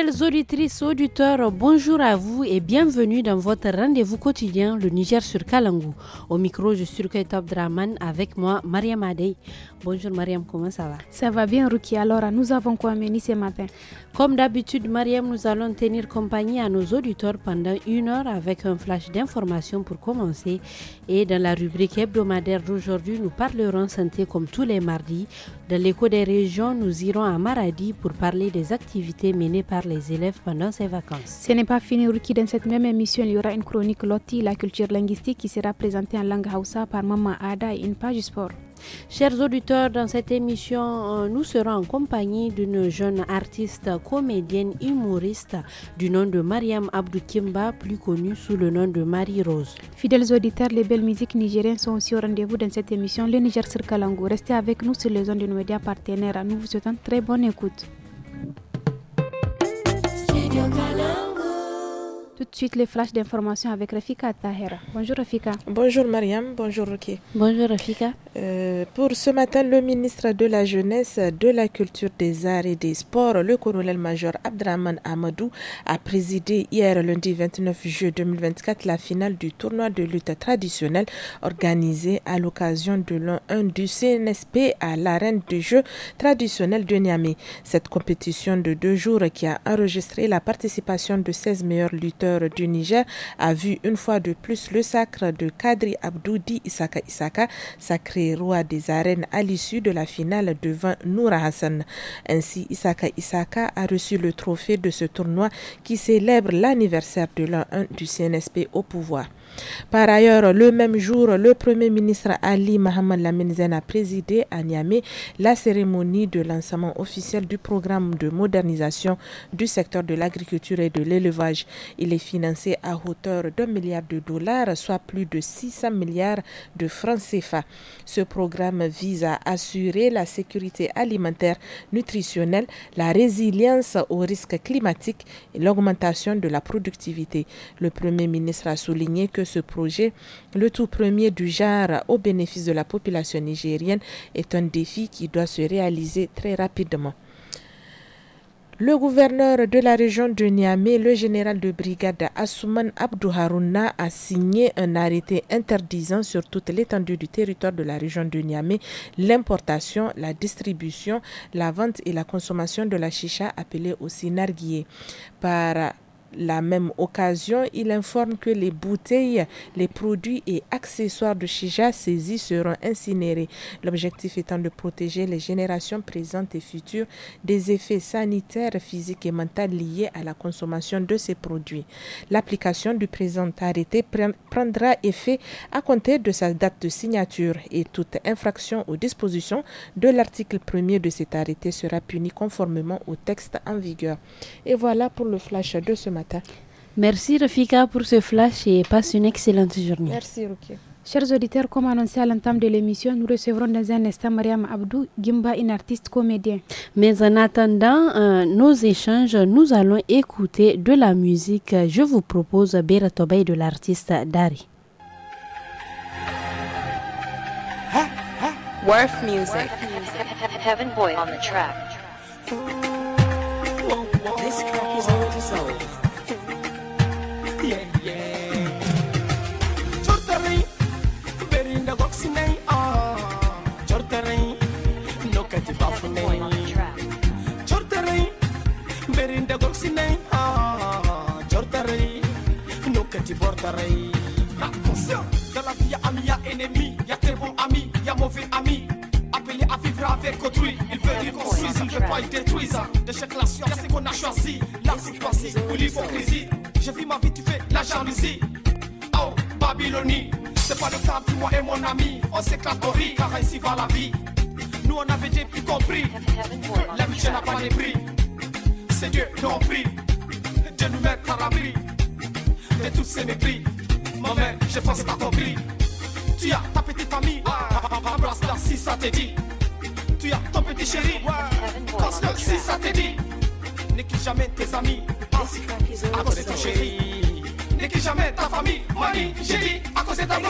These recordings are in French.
Fidèles auditrices, auditeurs, bonjour à vous et bienvenue dans votre rendez-vous quotidien, le Niger sur Kalangou. Au micro, je suis Ketop Draman avec moi, Maria Madei. Bonjour Mariam, comment ça va Ça va bien Ruki. Alors nous avons quoi mener ce matin Comme d'habitude Mariam, nous allons tenir compagnie à nos auditeurs pendant une heure avec un flash d'informations pour commencer. Et dans la rubrique hebdomadaire d'aujourd'hui, nous parlerons santé comme tous les mardis. Dans l'écho des régions, nous irons à Maradi pour parler des activités menées par les élèves pendant ces vacances. Ce n'est pas fini Ruki. Dans cette même émission, il y aura une chronique Loti, la culture linguistique qui sera présentée en langue Hausa par Maman Ada et une page sport. Chers auditeurs, dans cette émission, euh, nous serons en compagnie d'une jeune artiste, comédienne, humoriste du nom de Mariam Abdou Kimba, plus connue sous le nom de Marie-Rose. Fidèles auditeurs, les belles musiques nigériennes sont aussi au rendez-vous dans cette émission Le Niger Circalango, Restez avec nous sur les zones de nos médias partenaires. Nous vous souhaitons très bonne écoute. Tout de suite, les flashs d'informations avec Rafika Tahera. Bonjour Rafika. Bonjour Mariam, bonjour Rocky. Bonjour Rafika. Euh, pour ce matin, le ministre de la Jeunesse, de la Culture, des Arts et des Sports, le colonel-major Abdraman Amadou, a présidé hier lundi 29 juin 2024 la finale du tournoi de lutte traditionnelle organisé à l'occasion de l'un du CNSP à l'arène de jeu traditionnel de Niamey. Cette compétition de deux jours qui a enregistré la participation de 16 meilleurs lutteurs du Niger a vu une fois de plus le sacre de Kadri Abdoudi Isaka Isaka, sacré roi des arènes à l'issue de la finale devant Noura Hassan. Ainsi, Isaka Isaka a reçu le trophée de ce tournoi qui célèbre l'anniversaire de l'an 1 du CNSP au pouvoir. Par ailleurs, le même jour, le Premier ministre Ali Mohamed Laminzen a présidé à Niamey la cérémonie de lancement officiel du programme de modernisation du secteur de l'agriculture et de l'élevage. Il est financé à hauteur d'un milliard de dollars, soit plus de 600 milliards de francs CFA. Ce programme vise à assurer la sécurité alimentaire, nutritionnelle, la résilience aux risques climatiques et l'augmentation de la productivité. Le Premier ministre a souligné que ce projet, le tout premier du genre au bénéfice de la population nigérienne, est un défi qui doit se réaliser très rapidement. Le gouverneur de la région de Niamey, le général de brigade Assouman Abdouharouna, a signé un arrêté interdisant sur toute l'étendue du territoire de la région de Niamey l'importation, la distribution, la vente et la consommation de la chicha appelée aussi narguillé. Par la même occasion, il informe que les bouteilles, les produits et accessoires de Shija saisis seront incinérés. L'objectif étant de protéger les générations présentes et futures des effets sanitaires, physiques et mentaux liés à la consommation de ces produits. L'application du présent arrêté prendra effet à compter de sa date de signature et toute infraction aux dispositions de l'article 1 de cet arrêté sera punie conformément au texte en vigueur. Et voilà pour le flash de ce matin. Merci Rafika pour ce flash et passe une excellente journée. Merci Ruki. Chers auditeurs, comme annoncé à l'entame de l'émission, nous recevrons dans un instant Mariam Abdou Gimba, une artiste comédienne. Mais en attendant euh, nos échanges, nous allons écouter de la musique. Je vous propose Bera Tobay de l'artiste Dari. music. Heaven boy on the track. La porta rei. Attention, la vie a ami, à ennemi, y'a très bon ami, y'a mauvais ami. Appelé à vivre avec autrui, il veut qu'ils construisent, il veut pas ils détruisent. De chaque nation, y'a ce qu'on a choisi, la sécurité, ou l'hypocrisie. Je vis ma vie, tu fais la jalousie. Oh, Babylonie, c'est pas le cas pour moi et mon ami. On s'éclate au riz, car ici va la vie. Nous on avait déjà plus compris La l'amitié n'a pas de prix. C'est Dieu qui en prie, de nous mettre à l'abri de tous ces mépris. Ma mère, je pense que t'as compris. Tu as ta petite amie, embrasse la si ça te dit. Tu as ton petit chéri, parce que si ça te dit. N'écris jamais tes amis, ah, à cause de ton chéri. N'écris jamais ta famille, mamie, chéri, à cause de ta famille.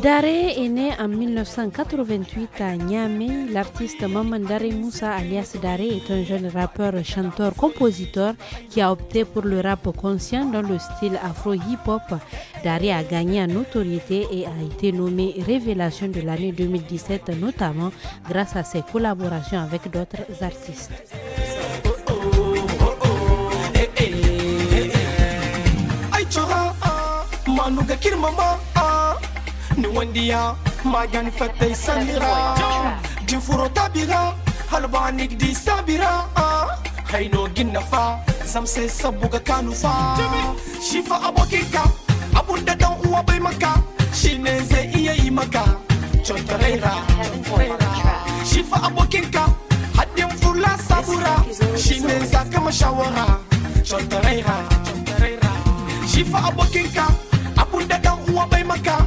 Daré est né en 1988 à Niamey. L'artiste Maman Daré Moussa alias Daré est un jeune rappeur, chanteur, compositeur qui a opté pour le rap conscient dans le style afro-hip-hop. Daré a gagné en notoriété et a été nommé Révélation de l'année 2017 notamment grâce à ses collaborations avec d'autres artistes. Ah. نوانديا ما كان فتي سميرة جنفورو تابيرا هلبا عنك دي سابيرا هينو جنفا zamse sabuga kanufa shifa abokinka abunda dan uwa bai maka shine zai iya yi maka chotarera shifa abokinka haddin fula sabura shine za kama shawara chotarera shifa abokinka abunda dan uwa bai maka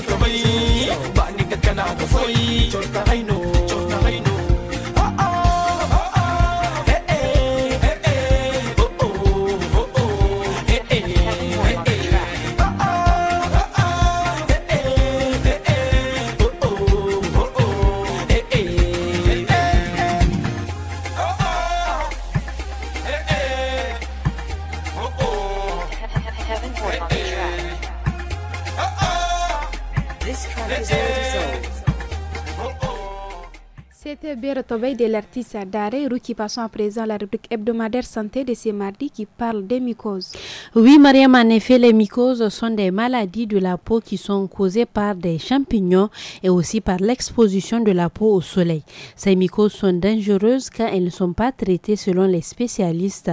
ni ka mai ba ni kana de l'artiste qui passons à présent la rubrique hebdomadaire santé de ce mardi qui parle des mycoses. Oui, Mariam, en effet, les mycoses sont des maladies de la peau qui sont causées par des champignons et aussi par l'exposition de la peau au soleil. Ces mycoses sont dangereuses car elles ne sont pas traitées selon les spécialistes.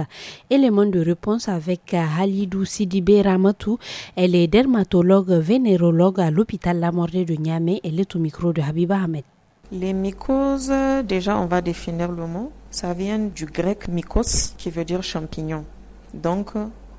Élément de réponse avec euh, Halidou Sidibé Ramatou. Elle est dermatologue vénérologue à l'hôpital Lamordé de Niamey. et est au micro de Habiba Ahmed. Les mycoses, déjà on va définir le mot. Ça vient du grec mycos qui veut dire champignon. Donc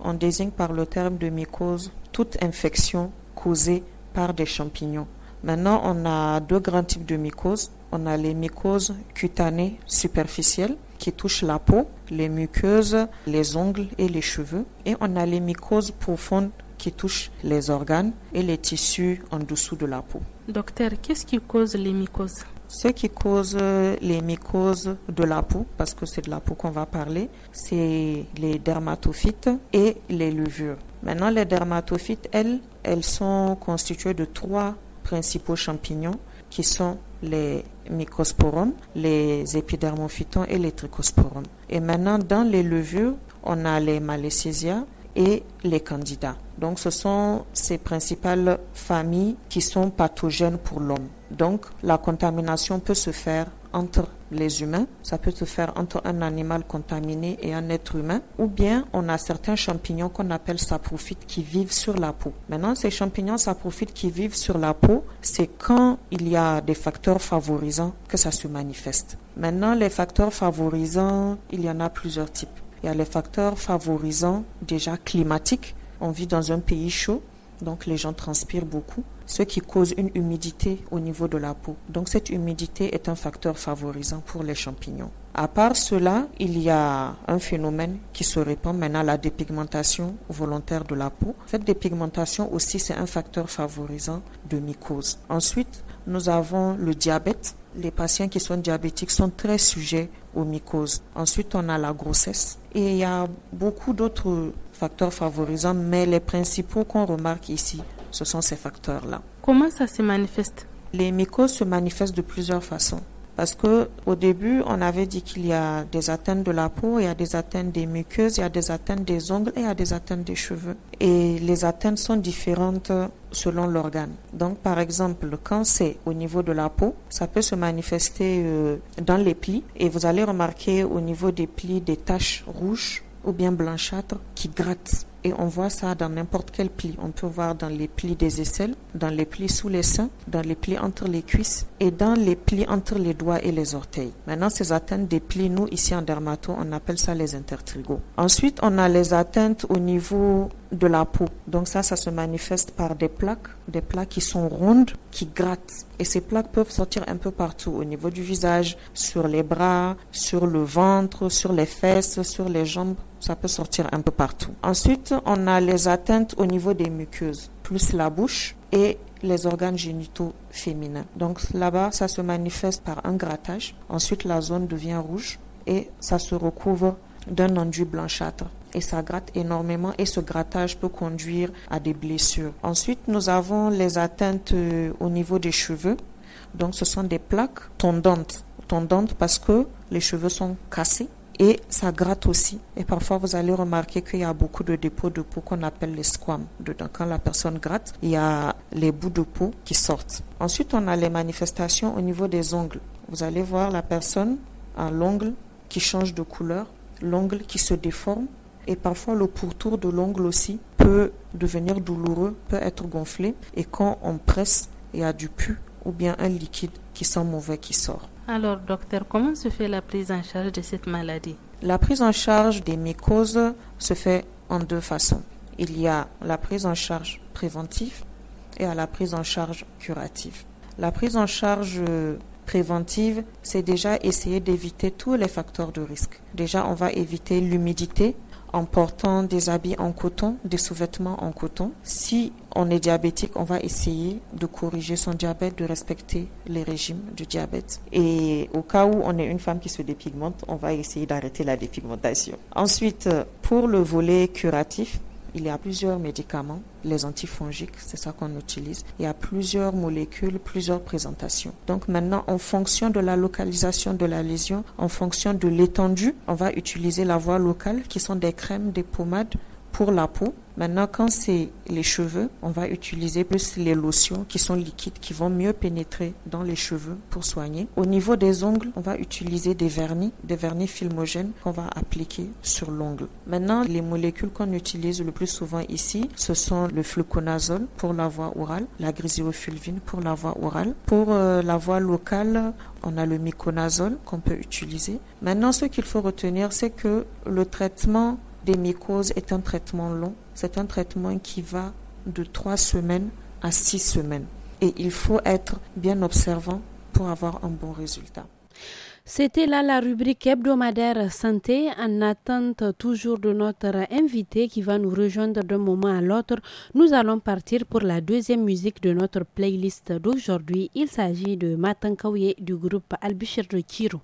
on désigne par le terme de mycose toute infection causée par des champignons. Maintenant on a deux grands types de mycoses. On a les mycoses cutanées superficielles qui touchent la peau, les muqueuses, les ongles et les cheveux. Et on a les mycoses profondes qui touchent les organes et les tissus en dessous de la peau. Docteur, qu'est-ce qui cause les mycoses ce qui cause euh, les mycoses de la peau, parce que c'est de la peau qu'on va parler, c'est les dermatophytes et les levures. Maintenant, les dermatophytes, elles, elles sont constituées de trois principaux champignons qui sont les mycosporums, les épidermophytons et les trichosporums. Et maintenant, dans les levures, on a les malécésias et les candidats. Donc, ce sont ces principales familles qui sont pathogènes pour l'homme. Donc la contamination peut se faire entre les humains, ça peut se faire entre un animal contaminé et un être humain, ou bien on a certains champignons qu'on appelle saprophytes qui vivent sur la peau. Maintenant, ces champignons saprophytes qui vivent sur la peau, c'est quand il y a des facteurs favorisants que ça se manifeste. Maintenant, les facteurs favorisants, il y en a plusieurs types. Il y a les facteurs favorisants déjà climatiques. On vit dans un pays chaud, donc les gens transpirent beaucoup ce qui cause une humidité au niveau de la peau. Donc cette humidité est un facteur favorisant pour les champignons. À part cela, il y a un phénomène qui se répand maintenant, la dépigmentation volontaire de la peau. Cette dépigmentation aussi, c'est un facteur favorisant de mycoses. Ensuite, nous avons le diabète. Les patients qui sont diabétiques sont très sujets aux mycoses. Ensuite, on a la grossesse. Et il y a beaucoup d'autres facteurs favorisants, mais les principaux qu'on remarque ici, ce sont ces facteurs-là. Comment ça se manifeste Les mycoses se manifestent de plusieurs façons. Parce que au début, on avait dit qu'il y a des atteintes de la peau, il y a des atteintes des muqueuses, il y a des atteintes des ongles et il y a des atteintes des cheveux. Et les atteintes sont différentes selon l'organe. Donc, par exemple, quand c'est au niveau de la peau, ça peut se manifester euh, dans les plis. Et vous allez remarquer au niveau des plis des taches rouges ou bien blanchâtres qui grattent. Et on voit ça dans n'importe quel pli. On peut voir dans les plis des aisselles, dans les plis sous les seins, dans les plis entre les cuisses et dans les plis entre les doigts et les orteils. Maintenant, ces atteintes des plis, nous, ici en dermato, on appelle ça les intertrigos. Ensuite, on a les atteintes au niveau de la peau. Donc ça, ça se manifeste par des plaques, des plaques qui sont rondes, qui grattent. Et ces plaques peuvent sortir un peu partout, au niveau du visage, sur les bras, sur le ventre, sur les fesses, sur les jambes ça peut sortir un peu partout. Ensuite, on a les atteintes au niveau des muqueuses, plus la bouche et les organes génitaux féminins. Donc là-bas, ça se manifeste par un grattage. Ensuite, la zone devient rouge et ça se recouvre d'un enduit blanchâtre. Et ça gratte énormément et ce grattage peut conduire à des blessures. Ensuite, nous avons les atteintes euh, au niveau des cheveux. Donc ce sont des plaques tondantes. Tondantes parce que les cheveux sont cassés et ça gratte aussi. Et parfois, vous allez remarquer qu'il y a beaucoup de dépôts de peau qu'on appelle les squames. Dedans, quand la personne gratte, il y a les bouts de peau qui sortent. Ensuite, on a les manifestations au niveau des ongles. Vous allez voir la personne à l'ongle qui change de couleur, l'ongle qui se déforme. Et parfois, le pourtour de l'ongle aussi peut devenir douloureux, peut être gonflé. Et quand on presse, il y a du pu ou bien un liquide qui sent mauvais qui sort. Alors, docteur, comment se fait la prise en charge de cette maladie La prise en charge des mycoses se fait en deux façons. Il y a la prise en charge préventive et à la prise en charge curative. La prise en charge préventive, c'est déjà essayer d'éviter tous les facteurs de risque. Déjà, on va éviter l'humidité en portant des habits en coton, des sous-vêtements en coton. Si on est diabétique, on va essayer de corriger son diabète, de respecter les régimes du diabète. Et au cas où on est une femme qui se dépigmente, on va essayer d'arrêter la dépigmentation. Ensuite, euh, pour le volet curatif, il y a plusieurs médicaments, les antifongiques, c'est ça qu'on utilise. Il y a plusieurs molécules, plusieurs présentations. Donc maintenant, en fonction de la localisation de la lésion, en fonction de l'étendue, on va utiliser la voie locale qui sont des crèmes, des pommades, pour la peau. Maintenant, quand c'est les cheveux, on va utiliser plus les lotions qui sont liquides, qui vont mieux pénétrer dans les cheveux pour soigner. Au niveau des ongles, on va utiliser des vernis, des vernis filmogènes qu'on va appliquer sur l'ongle. Maintenant, les molécules qu'on utilise le plus souvent ici, ce sont le fluconazole pour la voie orale, la grisiofulvine pour la voie orale. Pour euh, la voie locale, on a le myconazole qu'on peut utiliser. Maintenant, ce qu'il faut retenir, c'est que le traitement des mycoses est un traitement long. C'est un traitement qui va de 3 semaines à 6 semaines. Et il faut être bien observant pour avoir un bon résultat. C'était là la rubrique hebdomadaire santé en attente toujours de notre invité qui va nous rejoindre d'un moment à l'autre. Nous allons partir pour la deuxième musique de notre playlist d'aujourd'hui. Il s'agit de Matankawye du groupe Albuchir de Kiro.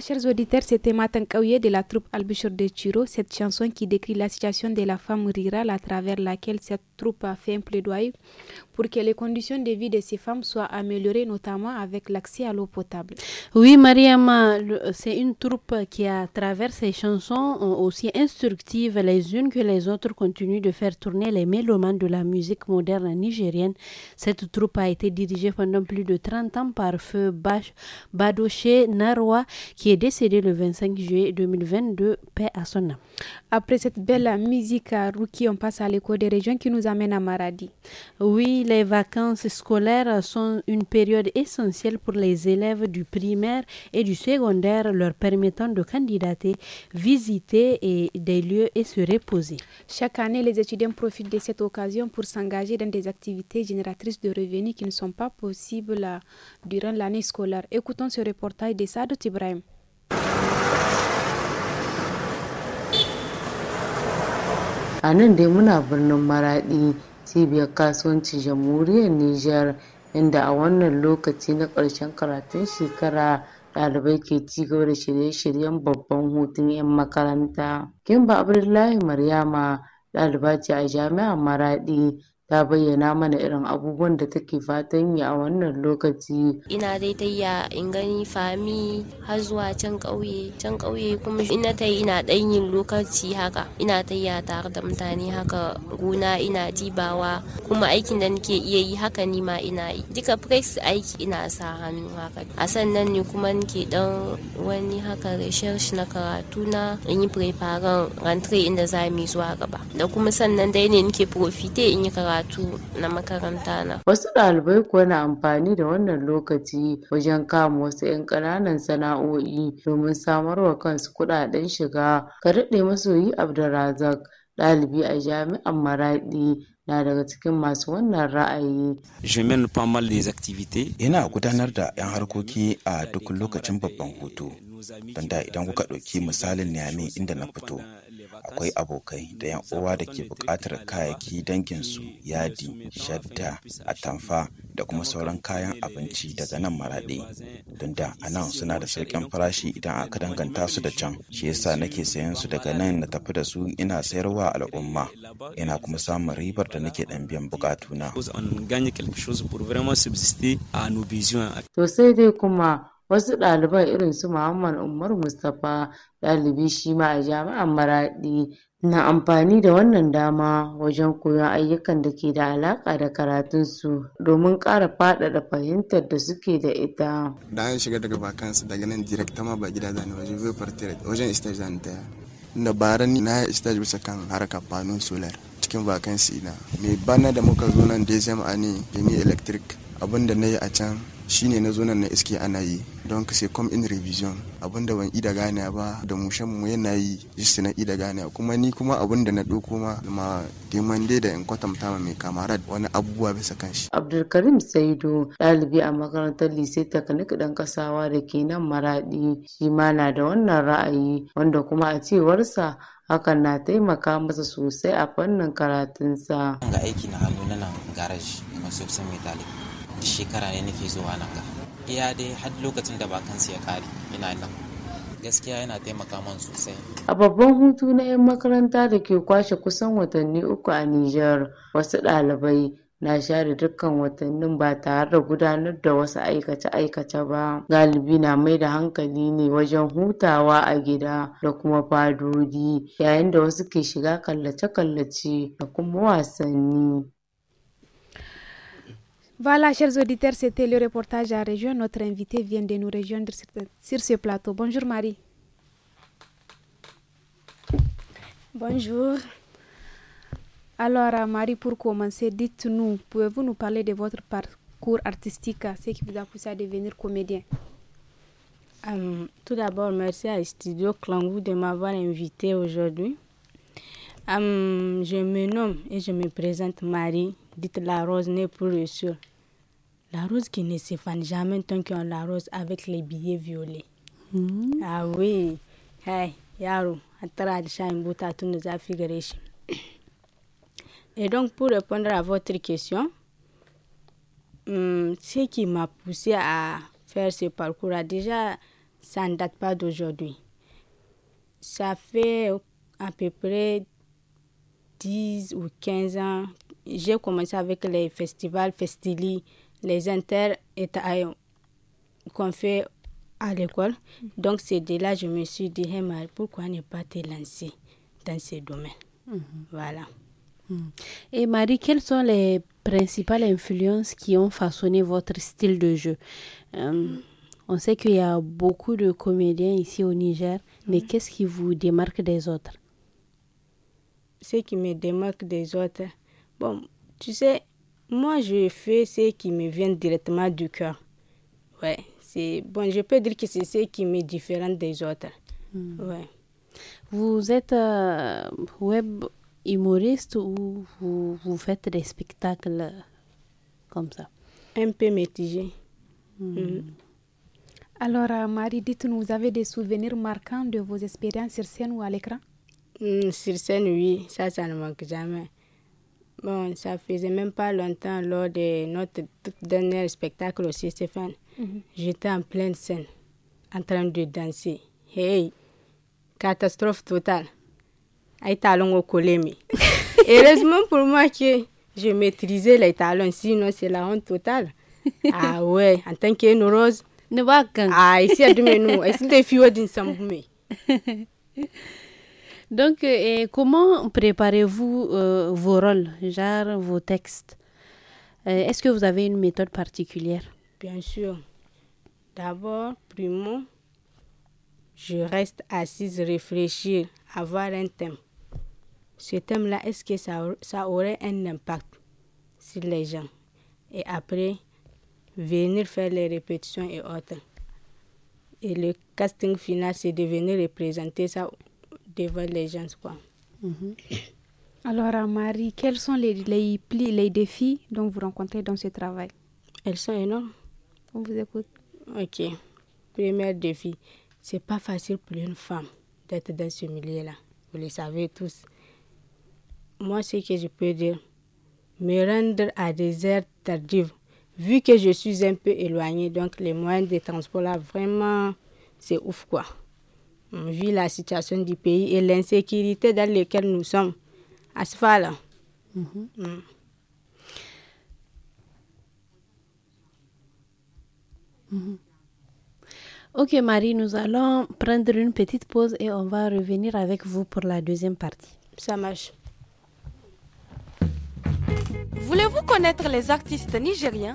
chers auditeurs, c'était Matin Kaouye de la troupe Albuchor de Turo, cette chanson qui décrit la situation de la femme rurale à travers laquelle cette troupe a fait un plaidoyer pour que les conditions de vie de ces femmes soient améliorées, notamment avec l'accès à l'eau potable. Oui, Mariama, c'est une troupe qui, à travers ses chansons, euh, aussi instructives les unes que les autres, continue de faire tourner les mélomanes de la musique moderne nigérienne. Cette troupe a été dirigée pendant plus de 30 ans par Feu Bash Badoché Narwa, qui est décédé le 25 juillet 2022, paix à son âme. Après cette belle musique à Ruki, on passe à l'écho des régions qui nous amène à Maradi. Oui, les vacances scolaires sont une période essentielle pour les élèves du primaire et du secondaire, leur permettant de candidater, visiter des lieux et se reposer. Chaque année, les étudiants profitent de cette occasion pour s'engager dans des activités génératrices de revenus qui ne sont pas possibles durant l'année scolaire. Écoutons ce reportage de Sadou Ibrahim. cibiyar kasuwanci jamhuriyar Nijar inda a wannan lokaci na ƙarshen karatun shekara ɗalibai ke ci gaba da shirye-shiryen babban hutun 'yan makaranta. kimba Abdullahi Maryama ɗaliba ce a Jami'ar Maraɗi ta bayyana mana irin abubuwan da take fatan yi a wannan lokaci. Ina dai tayya in gani fami har zuwa can ƙauye, can ƙauye kuma ina ta yi ina ɗan yin lokaci haka, ina ta tayya tare da mutane haka gona ina dibawa kuma aikin da nake iya yi haka ni ma ina yi. Duka press aiki ina sa hannu haka. A sannan ne kuma nake ɗan wani haka research na karatu na in yi preparan rantre inda za mu zuwa gaba. Da kuma sannan dai ne nake profite in yi karatu. karatu na makaranta na. Wasu ɗalibai kuwa na amfani da wannan lokaci wajen kama wasu 'yan ƙananan sana'o'i domin samarwa kansu kuɗaɗen shiga. Ka daɗe masoyi Abdulrazak ɗalibi a jami'an Maraɗi na daga cikin masu wannan ra'ayi. Je mène pas mal des activités. Ina gudanar da 'yan harkoki a duk lokacin babban hutu. Banda idan kuka ɗauki misalin Niamey inda na fito. akwai abokai da 'yan uwa da ke buƙatar kayayyaki danginsu yadi shadda atamfa da kuma sauran kayan abinci daga nan maraɗe don da a nan suna da sauƙin farashi idan aka danganta su da can shi yasa nake sayan su daga nan na tafi da su ina sayarwa al'umma ina kuma samun ribar da nake ɗan biyan buƙatuna. To sai dai kuma Wasu ɗaliban irin su Muhammad Umar Mustapha, ɗalibi shi ma a Jami'ar Maraɗi, na amfani da wannan dama wajen koyon ayyukan da ke da alaƙa da karatunsu domin ƙara faɗaɗa fahimtar da suke da ita. Da an shiga daga bakansu daga nan direct ma ba gida zane wajen zai wajen stage zane ta da baran na stage bisa kan haraka fanon solar cikin bakansu na. Mai bana da muka zo nan da ya electric abinda na yi a can shi ne na zo nan na iske ana yi don ka sai come in revision abinda ban ida gane ba da mushen mu yana yi jisti na ida gane kuma ni kuma abinda na ɗauko ma ma neman dai da in kwatanta ma mai kamarad wani abubuwa bisa kan shi. Abdulkarim Saidu ɗalibi a makarantar lise teknik ɗan kasawa da ke nan maraɗi shi ma na da wannan ra'ayi wanda kuma a cewarsa hakan na taimaka masa sosai a fannin karatunsa. Ga aiki na hannu na nan garaji masu mai ɗalibi. shekara ne nake zuwa nan ga iya dai har lokacin da bakansu ya kare ina nan gaskiya yana taimaka man sosai. A babban hutu na 'yan makaranta da ke kwashe kusan watanni uku a Nijar, wasu ɗalibai na share dukkan watannin ba tare da gudanar da wasu aikace-aikace ba. Galibi na mai da hankali ne wajen hutawa a gida da kuma fadodi, yayin da wasu ke shiga kallace-kallace da kuma wasanni. Voilà, chers auditeurs, c'était le reportage à région. Notre invité vient de nous rejoindre sur ce plateau. Bonjour Marie. Bonjour. Alors euh, Marie, pour commencer, dites-nous, pouvez-vous nous parler de votre parcours artistique, ce qui vous a poussé à devenir comédien euh, Tout d'abord, merci à Studio Clangou de m'avoir invité aujourd'hui. Euh, je me nomme et je me présente Marie, Dites la rose née pour le sûr. La rose qui ne s'effane jamais tant qu'on la rose avec les billets violets. Hmm. Ah oui. Hey, Yaro, Et donc, pour répondre à votre question, hmm, ce qui m'a poussé à faire ce parcours, déjà, ça ne date pas d'aujourd'hui. Ça fait à peu près 10 ou 15 ans. J'ai commencé avec les festivals Festili les inter qu'on fait à l'école. Mm. Donc, c'est de là que je me suis dit, hey, Marie, pourquoi ne pas te lancer dans ce domaines mm-hmm. Voilà. Mm. Et Marie, quelles sont les principales influences qui ont façonné votre style de jeu euh, mm. On sait qu'il y a beaucoup de comédiens ici au Niger, mais qu'est-ce qui vous démarque des autres Ce qui me démarque des autres, bon, tu sais, moi, je fais ce qui me vient directement du cœur. Ouais, c'est bon. Je peux dire que c'est ce qui me différencie des autres. Hmm. Ouais. Vous êtes euh, web humoriste ou vous, faites des spectacles comme ça Un peu mitigé. Hmm. Hmm. Alors, euh, Marie, dites-nous, vous avez des souvenirs marquants de vos expériences sur scène ou à l'écran Sur scène, oui, ça, ça ne manque jamais. Bon, ça faisait même pas longtemps lors de notre dernier spectacle aussi, Stéphane. Mhm. J'étais en pleine scène, en train de danser. Hey, catastrophe totale. Les talons au mais. Heureusement pour moi que je maîtrisais les talons, sinon c'est la honte totale. ah ouais, en tant que rose. Ne Ah, ici à demain, nous, tu es filles d'une samboumée. Donc, euh, comment préparez-vous euh, vos rôles, genre vos textes euh, Est-ce que vous avez une méthode particulière Bien sûr. D'abord, primo, je reste assise, réfléchir, avoir un thème. Ce thème-là, est-ce que ça, ça aurait un impact sur les gens Et après, venir faire les répétitions et autres. Et le casting final, c'est de venir représenter ça devant les gens. Quoi. Mhm. Alors, Marie, quels sont les, les, défis dont vous rencontrez dans ce travail Elles sont énormes. On vous écoute. Ok. Premier défi, c'est pas facile pour une femme d'être dans ce milieu-là. Vous le savez tous. Moi, ce que je peux dire, me rendre à des heures tardives, vu que je suis un peu éloignée, donc les moyens de transport là, vraiment, c'est ouf quoi vit la situation du pays et l'insécurité dans laquelle nous sommes. À ce là Ok Marie, nous allons prendre une petite pause et on va revenir avec vous pour la deuxième partie. Ça marche. Voulez-vous connaître les artistes nigériens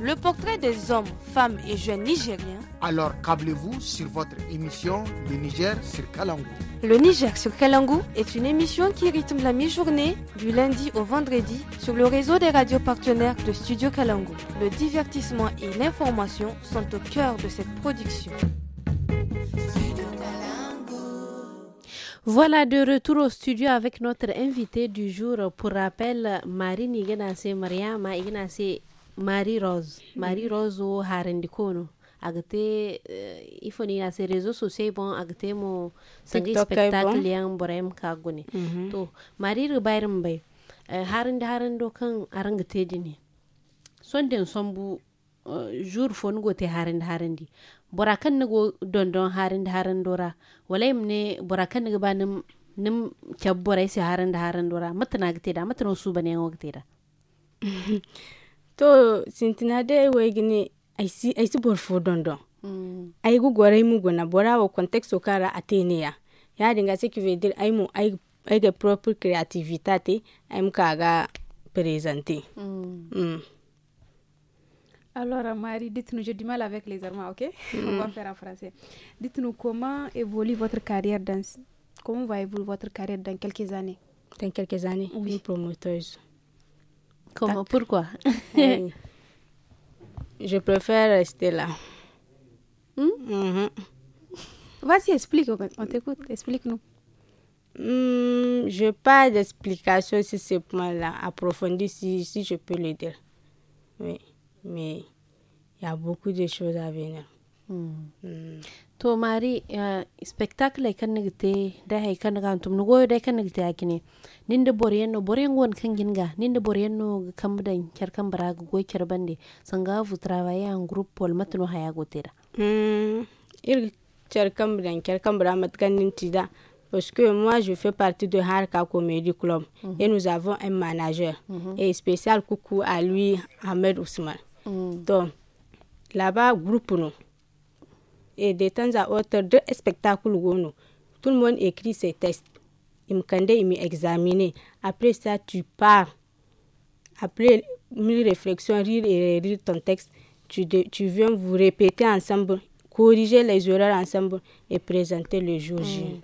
le portrait des hommes, femmes et jeunes nigériens. Alors câblez-vous sur votre émission Le Niger sur Kalangou. Le Niger sur Kalangou est une émission qui rythme la mi-journée du lundi au vendredi sur le réseau des radios partenaires de Studio Kalangou. Le divertissement et l'information sont au cœur de cette production. Voilà de retour au studio avec notre invité du jour. Pour rappel, Marine Maria Mariama Ignacé marie rose hmm. marie rose wo harendi kono agate uh, eh, ifoni na se réseau sociaux bon agate mo sangi spectacle yang borem ka gune mm -hmm. to marie rubairin bai uh, eh, harindi harindo kan aranga son den sombu uh, eh, jour fon go te harindi harindi bora kan nago dondon harindi harindora walai mne bora kan nago banim nim cabbora isi harindi harindora matana gite da matana su bane ngo gite da to sintina de wegini aisi aisi bor fo dondo mm. ay gu gore mu gona bora wo contexte o kara atenia ya dinga ce qui veut dire ay mu ay ay de propre créativité ay mu kaga présenter mm. mm. Alors, Marie, dites-nous, j'ai du mal avec les armes, ok mm. On va faire en français. Dites-nous comment évolue votre carrière dans... Comment va évoluer votre carrière dans quelques années Dans quelques années, oui. une promoteuse. Comment Pourquoi Je préfère rester là. ¿Mm? Vas-y, explique, on t'écoute, explique-nous. je mm, n'ai pas d'explication sur ce point-là, approfondi si, si je peux le dire. Oui, mais il y a beaucoup de choses à venir. Hmm. to mari eh, spectacle kan nigte da hay kan ga tum nugo da kan nigte akine ninde boryen no boryen won kan ginga ninde boryen no kam dan kyar kan bara ga go kyar bande sanga fu travailler en groupe pol matno haya gotera hmm ir kyar kan dan kyar kan bara mat kan nintida parce que moi je fais partie de Harka Comedy Club mm -hmm. et nous avons un manager mm -hmm. et spécial coucou à lui Ahmed Ousmane mm. donc là-bas groupe nous et de temps à autre, deux spectacles Tout le monde écrit ses textes. Il me candait, il examiné Après ça, tu pars. Après mille réflexions, rire et rire ton texte, tu, tu viens vous répéter ensemble, corriger les erreurs ensemble et présenter le jour J. Hmm.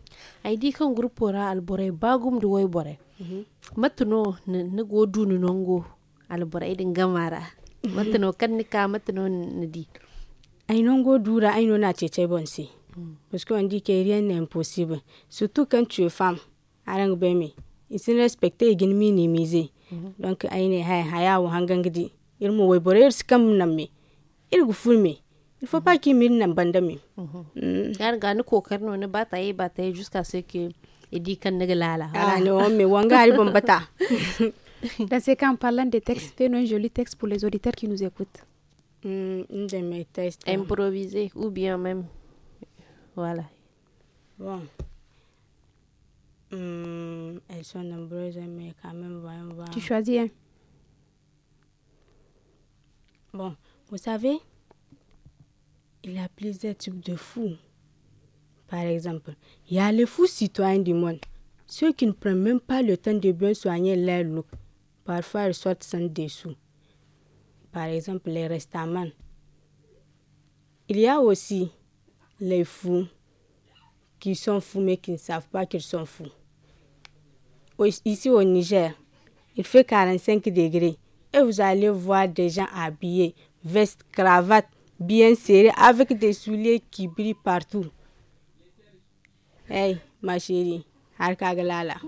Aïdi qu'un groupe ora alboré, bagum de ne mhm. maintenant ne go nongo de de gamara. maintenant, quand ne ka di. Ainongo dura Aino Nacheche Bonsi. Parce qu'on dit que rien n'est impossible. Surtout quand tu es femme, Arang Bemi. Ils sont respectés et ils minimisés. Donc, Aine hay Haya ou Hangangdi. Ils m'ont weboré, ils s'kam nammi Ils goufoume. Il faut pas qu'il qu'ils m'y n'ambandami. Gargane Kokarno ne bataille, bataille jusqu'à ce que. Idi kan nagalala. Ah non, mais wanga ari en bata. Dans ces cas, en parlant des textes, fais un joli texte pour les auditeurs qui nous écoutent. Mmh, de mes tests hein. ou bien même. Voilà. Bon. Mm, elles sont nombreuses, hein, mais quand même, voyons Tu choisis Bon, vous savez, il y a plusieurs types de fous. Par exemple, il y a les fous citoyens du monde, ceux qui ne prennent même pas le temps de bien soigner leur look. Parfois, ils sortent sans dessous par exemple les restamans. Il y a aussi les fous qui sont fous mais qui ne savent pas qu'ils sont fous. Ici au Niger, il fait 45 degrés et vous allez voir des gens habillés, vestes, cravates bien serrées avec des souliers qui brillent partout. Hey, ma chérie, Arkaglala.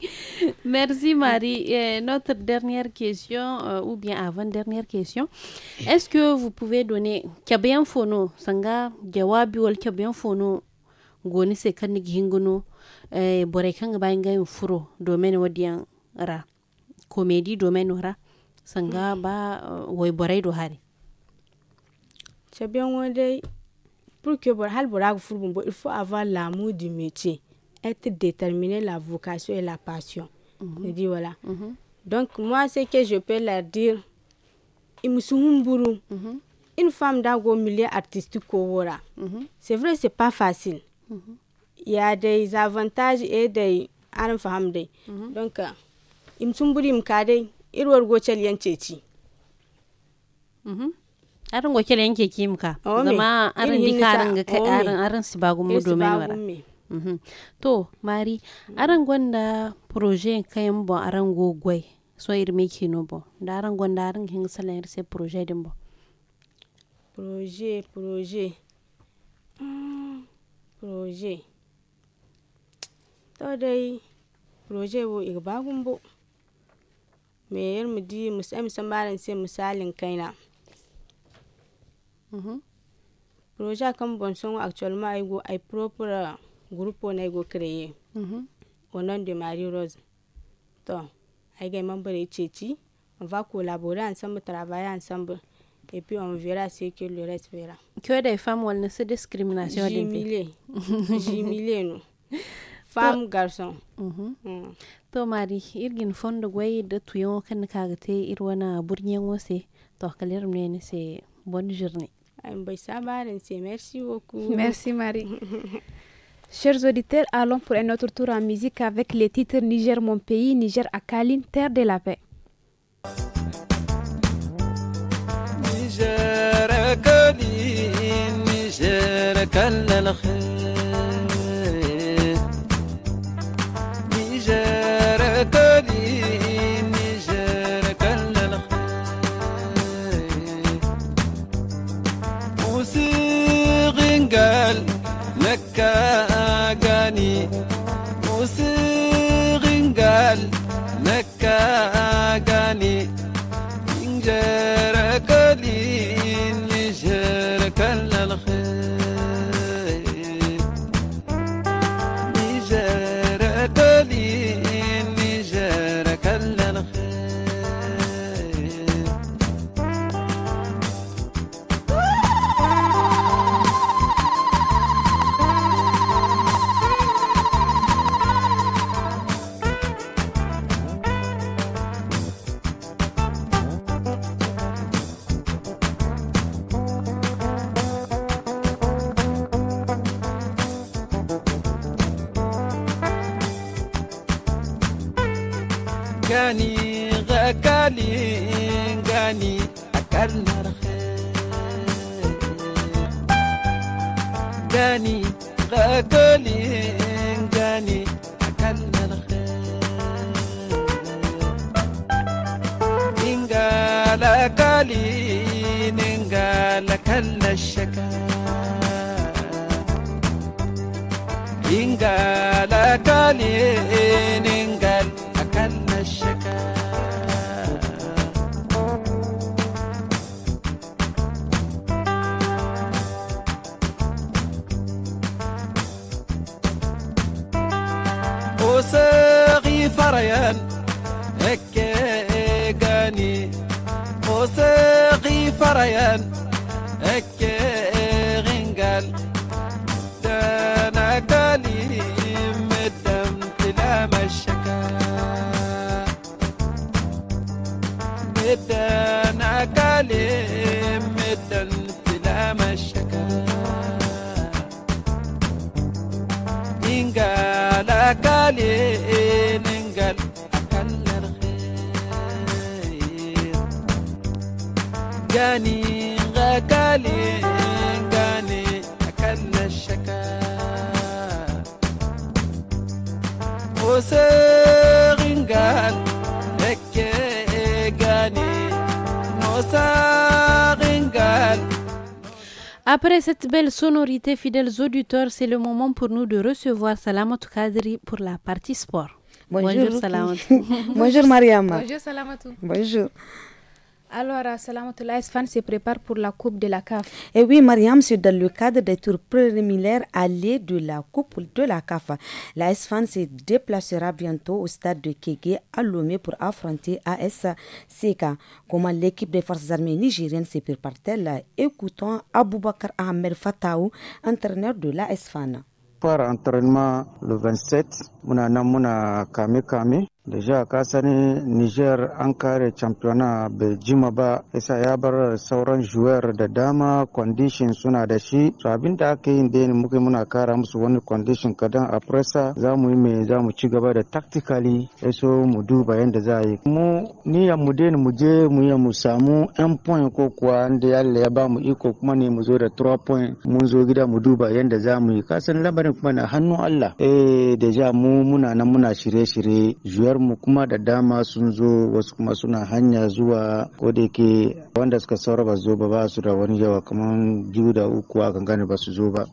Merci Marie. Et notre dernière question, euh, ou bien avant-dernière question, est-ce que vous pouvez donner kabiyan fono, sanga jawabi wal kabiyan fono goni se kan ni Banga eh, bore furo domaine wadiyan ra comédie domaine ra sanga ba uh, woy bore do hari kabiyan pour que hal bora furo il faut avoir l'amour du métier être déterminé, la vocation et la passion. Mm -hmm. voilà. Mm -hmm. Donc, moi, ce que je peux leur dire, mhm. une femme dans le milieu artistique, mhm. c'est vrai, c'est pas facile. Mhm. Il y a des avantages et des. Donc, imsumburi mkade irwar gocal yance ci arin gocal yanke ki mka zama arin dika arin ga arin arin sibagun mu Mhm. to mari aran gwanda proje kayan bo aran go gwai so ir me kino bo da aran gwanda aran hin sala ir se projet din bo projet proje mm, proje to dai proje bo ir bagun bo me yar mu di mu sai se sai misalin kaina mhm proje projet kan bon son actuellement ai go ai propre groupe on a créé au nom de Marie Rose donc avec membres de Chéti, on va collaborer ensemble travailler ensemble et puis on verra ce que le reste verra que des femmes ont ne se discrimination J'ai mille, nous femme garçon mm-hmm. mm. to mari irgin fondo gwai da tuyon kan kagate irwana burnyen wose to kalir ne ne se bonne journée Merci beaucoup. Merci Marie. Chers auditeurs, allons pour un autre tour en musique avec les titres Niger mon pays, Niger à terre de la paix. Niger غاني غاكالي غاني أكلنا رخي غاني غاكالي غاني أكلنا رخي نغالا كالي الشكا كلا الشكال ಇಂಗಲ ಕಲಿಯೇನೆ Après cette belle sonorité, fidèles auditeurs, c'est le moment pour nous de recevoir Salamat Kadri pour la partie sport. Bonjour, Bonjour Bonjour Mariam. Bonjour Bonjour. Alors, euh, S-FAN se prépare pour la Coupe de la CAF. Et eh oui, Mariam, c'est dans le cadre des tours préliminaires allés de la Coupe de la CAF. La fan se déplacera bientôt au stade de Kégué à Lomé pour affronter ASCK. Comment l'équipe des forces armées nigériennes se prépare-t-elle Écoutons Aboubakar Ahmed Fataou, entraîneur de la Fan. Par entraînement le 27 muna a kame-kame Deja ka sani Niger an kare campiona bai jima ba isa ya bar sauran juwer da dama condition suna da shi. To abin da aka yi da muke muna kara musu wani condition kadan a pressa za mu yi mai za mu ci gaba da tactically so mu duba yadda za a yi. Mu niyan mu dai mu je mu yi mu samu 'yan point ko kuwa da Allah ya ba mu iko kuma ne mu zo da 3 point mun zo gida mu duba yadda za mu yi. Kasan lamarin kuma na hannun Allah. Eh da ja mu muna nan muna shirye-shirye mu kuma da dama sun zo wasu kuma suna hanya zuwa ko da yake wanda suka saura ba zo ba ba su da wani yawa kamar biyu da uku a kan gane ba su zo ba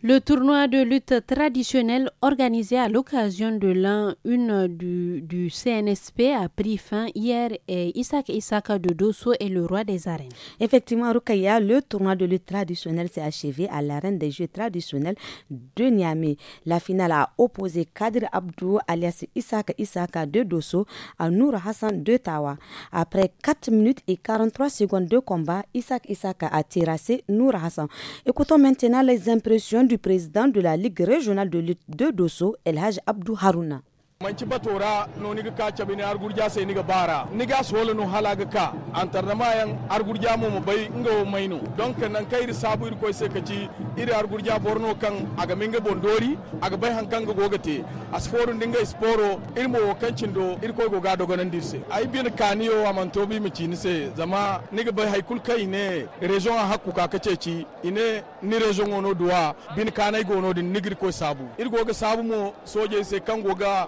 Le tournoi de lutte traditionnelle organisé à l'occasion de l'un une du, CNSP a pris fin hier et Isaac Isaka de Dosso est le roi des arènes. Effectivement, Rukaya, le tournoi de lutte traditionnelle s'est achevé à l'arène des jeux traditionnels de Niamey. La finale a opposé Kadir Abdou alias Isaac Isaka de Dosso à Nour Hassan de Tawa. Après 4 minutes et 43 secondes de combat, Isaac Isaka a terrassé Nour Hassan. Écoutons maintenant les impressions du président de la Ligue régionale de lutte de Dosso, El Haj Abdou Harouna. manci batora no niga ka cabi ni argurja sai niga bara niga sola no halaga ka antarna mayan argurja mu mu bai nga wo maino donc nan kai sabu ir koy sai kaci iri argurja borno kan aga minga bondori aga bai hankan ga gogate foru dinga sporo ir wo kancin do ir koy goga do gonan dirse ai bin kaniyo amanto bi mi cini se zama niga bai haikul kai ne region hakku ka kace ci ine ni region ono duwa bin kanai no din nigir ko sabu ir goga sabu mo soje sai kan goga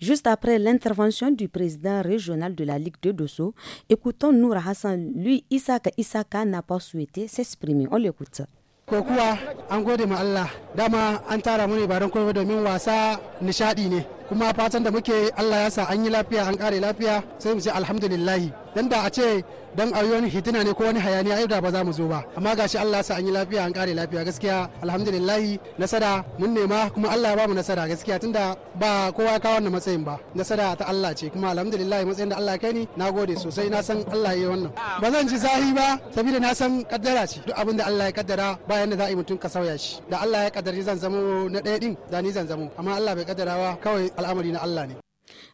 Juste après l'intervention du président régional de la Ligue de Dosso, écoutons Noura Hassan. Lui, Isaka Isaka n'a pas souhaité s'exprimer. On l'écoute. kuma fatan da muke Allah ya sa an yi lafiya an kare lafiya sai mu ce alhamdulillah, dan da a ce dan a wani hitina ne ko wani hayaniya ai da ba za mu zo ba amma gashi Allah ya sa an yi lafiya an kare lafiya gaskiya alhamdulillah nasara mun nema kuma Allah ya ba mu nasara gaskiya tunda ba kowa ya wannan matsayin ba nasara ta Allah ce kuma alhamdulillah matsayin da Allah ya kai ni gode sosai na san Allah ya yi wannan ba zan ji zahi ba saboda na san kaddara ce duk abin da Allah ya kaddara bayan da za a yi mutum ka sauya shi da Allah ya kaddari zan zamo na ɗaya din da ni zan zamo amma Allah bai kaddarawa kawai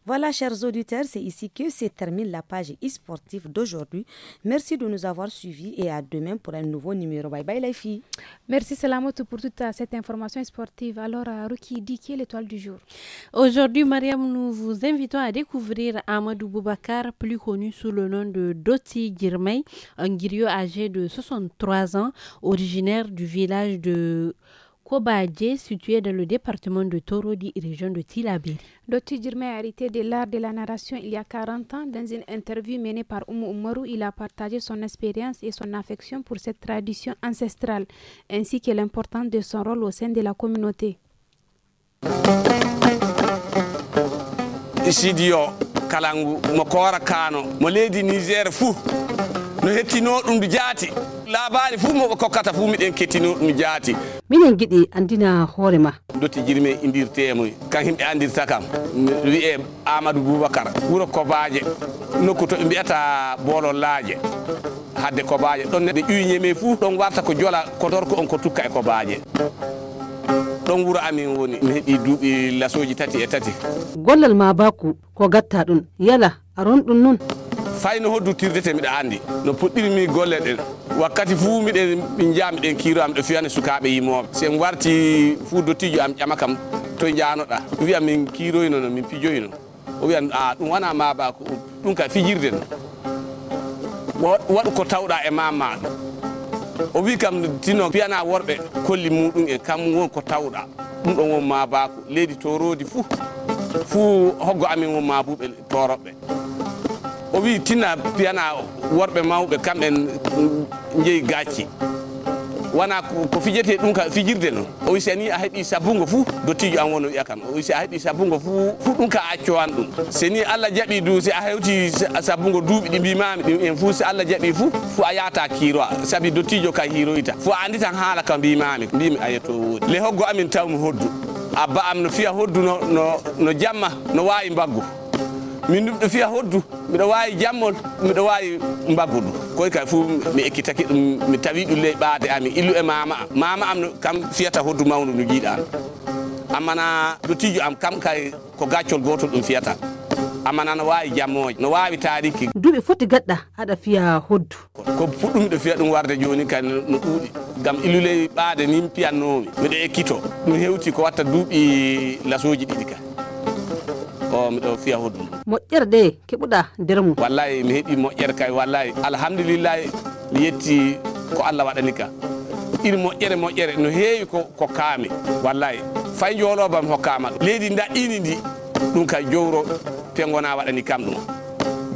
Voilà, chers auditeurs, c'est ici que se termine la page e-sportive d'aujourd'hui. Merci de nous avoir suivis et à demain pour un nouveau numéro. Bye bye, les filles. Merci, Salamoto, pour toute euh, cette information sportive. Alors, euh, Ruki, dit qui est l'étoile du jour Aujourd'hui, Mariam, nous vous invitons à découvrir Amadou Boubacar, plus connu sous le nom de Doti Girmei, un guerrier âgé de 63 ans, originaire du village de. Kobadje, situé dans le département de Torodi, région de Tilabiri. Docteur Jirme a hérité de l'art de la narration il y a 40 ans. Dans une interview menée par Oumu Umaru, il a partagé son expérience et son affection pour cette tradition ancestrale, ainsi que l'importance de son rôle au sein de la communauté. minen giɗi andina hoorema dotti jirmi indirte e kan himɓe andirta kam wiye amadou boubacar wuuro kobaje nokku to ɓe mbiyata boolo laaje hadde kobaje ɗon neɗɗo ƴuyñeme fuu ɗon warta ko jola kodorko on ko tukka e kobaje ɗon wuro amin woni mi heeɓi duuɓi lasoji tati e tati gollal ma bakou ko gatta ɗum yala aron ɗum noon fayno hoddu tirdete mbiɗa anndi no poɗɗirmi golle ɗen wakkati fuu miɗen min jami ɗen kiro am ɗo fiyane sukaaɓe yimoɓe sen en warti fuu dottijo am ƴama kam to jaanoɗa wiya min kiroyno no min pijoyno o wiyan a ɗum wona mabako ɗum ka fijirde no waɗu ko tawɗa e mamaɗo o wi kam tino piyana worɓe kolli muɗum en kam won ko tawɗa ɗum ɗon won mabako leydi torodi fuu fuu hoggo amin won mabuɓe toroɓɓe o wi tinna piyana worɓe mawɓe kamɓen mm, jeeyi gacci wona ko fijete ɗum ka fijirde noon o wi si ani a heeɓi sabungo fuu dottijo an woni o wiya kam o wi si a heeɓi sabungo fuu fuu ɗum ka acco an ɗum so ni allah jaɓi du si a hewti sabungo duuɓi ɗi mbimami ɗum en fuu si allah jaɓi fuu fo a yata kiiro a saabi dottijo ka hiiroyta fo a andi tan haala ka mbimami mbimi a yetto woodi le hoggo amin tawmi hoddu abba am no fiya hoddu no no jamma no wawi mbaggu min ɗum ɗo fiya hoddu mbiɗa wawi jammol mbiɗa wawi mbabbudu koye kay fo mi ekkitaki ɗum mi tawi ɗum ley ɓaade ami illu e mama am mama am kam fiyata hoddu mawdu no amana ammana lotijo am kam kay ko gaccol gotol ɗum fiyata amana no wawi jammoje no wawi tariki duuɓi foti gaɗɗa aɗa fiya hoddu ko fuɗɗum ɗo fiya ɗum warde joni kay no ɗuuɗi gam ley ɓaade ni piyannomi mbiɗa ekkito ɗum hewti ko watta duuɓi lasuji ɗiɗi kay o miɗo fiya hoɗum moƴƴere ɗe keɓuɗa nder mum wallayi mi heeɓi moƴƴere kay wallayi alhamdulillahi mi yetti ko allah waɗani ka ɗin moƴƴere moƴƴere no heewi ko ko kaami wallayi fay joolobam hokkama ɗum leydi daɗɗini ndi ɗum kay jowro te gona waɗani kam ɗum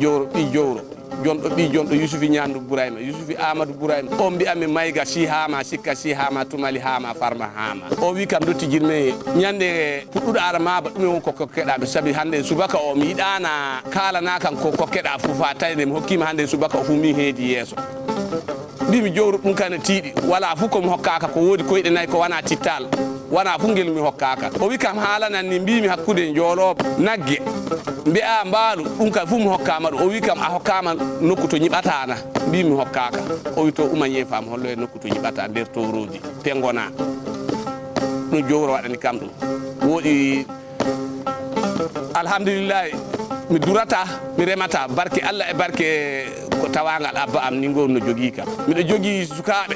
jowro ɓi jowro joni ɗo ɓi joni ɗo yusufi ñamdu bourayma yusufi amadou bourayma on mbiyami mayga si hama sikka si hama tumali hama farma hama o wi kam dottijirme ñande puɗɗuɗo ara maba ɗumen won ko kokkeɗaɓe saabi hande subaka o mi yiɗana kalana kan ko kokkeɗa fo fa tawi nde mi hokkima hande subaka o fo mi heedi yesso mbimi jowru ɗum kane tiiɗi wala fof komi hokkaka ko woodi koyɗe nayyi ko wona tittal wona fu ngel mi hokkaka o wi kam haalanan ni mbimi hakkude jooloɓo nagge mbiya mbaalu ɗum kam fof mi hokkama ɗum o wi kam a hokkama nokku to ñiɓatana mbimi hokkaka o wi to uman fam hollo e nokku to ñiɓata nder torodi te ɗum jowro waɗani kam ɗum woɗi alhamdulillahi mi durata mi remata barke allah e barke ko tawagal abba am ni gon no jogui kam miɗo jogui sukaɓe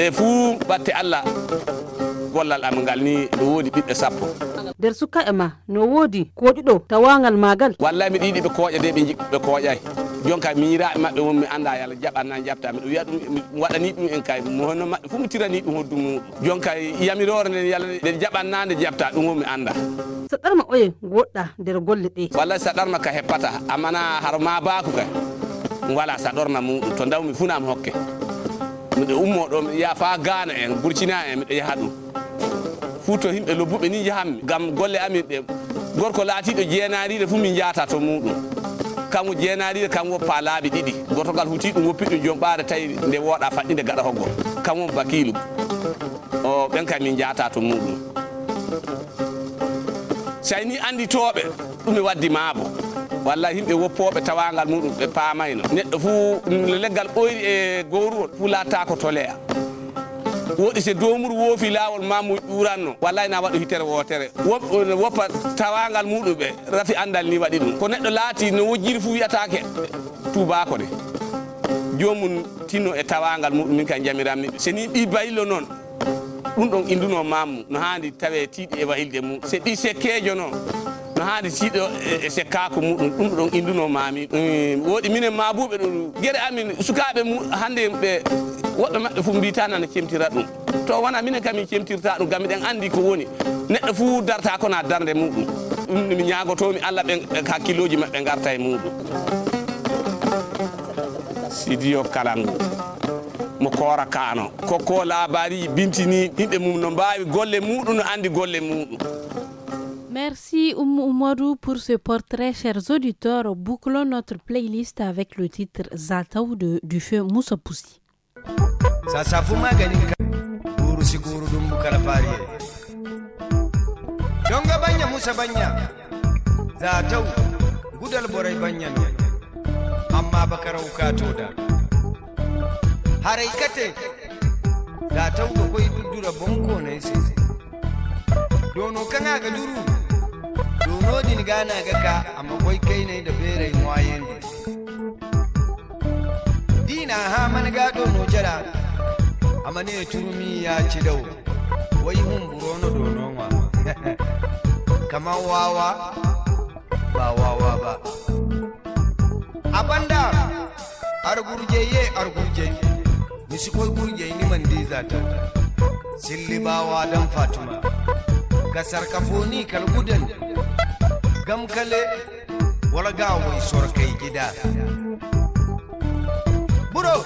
e fuu batte allah gollal am ngal ni no wodi ɓiɓɓe sappo nder sukaɓe ma no wodi koɗiɗo tawagal magal wallay miɗo yiɗiɓe koƴa de ɓe jiɓɓe koƴay jonka mi yira maɓɓe won um, mi anda yalla jaɓanna jaɓtami ɗum wiya ɗum mi waɗani ɗum en kay hono mabɓe fof mi tirani ɗum hoddu mum jonka yamirore nden yalla nde jaɓanna nde jaɓta ɗum won mi anda so ɗarma oye goɗɗa nder golle ɗe wallay sa ɗarma ka heppata amana har ma baku ka wala sa muɗum to dawmi funami hokke miɗo ummo ɗo miɗo yaha fa gana en burkina en miɗo yaha ɗum fuu to yimɓe lobbuɓe ni jahanmi gam golle amin ɗe gorko laatiɗo jeenariɗo fuu min jahata to muɗum kanmo jeenaɗiɗe kan wo pa laaɓi ɗiɗi gotogal huti ɗum woppiɗum joom ɓaare tawi nde wooɗa faɗɗi nde gaɗa hoggo kan wo bakilu o ɓen kam min jata to muɗum sayni anditoɓe ɗumi e waddi maabo walla yimɓe woppoɓe tawangal muɗum ɓe pamayno neɗɗo fo leggal ɓoyri e gowru o fu laattako toléa woɗi so domuru woofi laawol ma mo ƴuranno wallay na waɗo hitere wootere eh, woppa tawangal muɗum ɓe rafi andal ni waɗi ɗum ko neɗɗo laati no wojjiri fuu wiyatake tubako de jomum tinno e tawagal muɗum min kam jamiranmi so ni ɓi bayillo noon ɗum ɗon induno mamu no handi tawe tiiɗi e wahilde mum so ɗi sekkejo noon no haade siiɗo e sekkaako muɗum ɗum ɗon innduno maami ehm, woodi minen maabuɓe ɗo geɗe amin sukaaɓe mu hannde ɓe woɗɗo maɓɓe fof mbitana no kemtira ɗum to wona minen kam min kemtirta ɗum gam miɗen anndi ko woni neɗɗo fuu darta kona darnde muɗum ɗum mi ñaagotomi allah ɓe hakkilloji maɓɓe garta e muɗum sidio kalangu mo koora kaano kokko laabari bintini yimɓe mum no mbawi golle muɗum no anndi golle muɗum Merci Oumarou pour ce portrait, chers auditeurs. Bouclons notre playlist avec le titre Zataou de, du feu Moussa Poussi. nodin gana gaka amma kwai kai ne da bere wayen dina ha man gado no jara amma ne turmi ya ci dau wai hun burono donoma kamar wawa ba wawa ba abanda argurje ye argurje misi koi gurje ni man dizata sillibawa dan fatima kasar kafoni kalgudan gamkale warga wai sorkai gida buro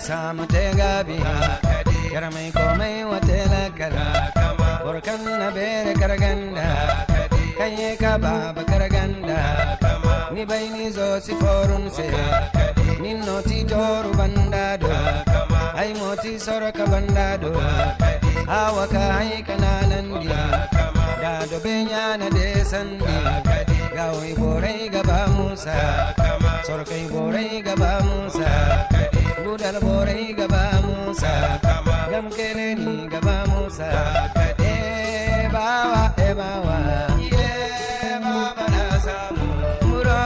samu ta gabiya yar mai komai wata kama, burkan na bere karganda kanye ka baba karganda ni bai ni zo si forun se ni noti joru bandado ai moti soraka do awa ka ai kananan dia da do benya na de sandi Gawi borai gaba Musa Sorkai borai gaba Musa Gudal borai gaba Musa Gamkele ni gaba Musa Ebawa ebawa Yeba manasa Muro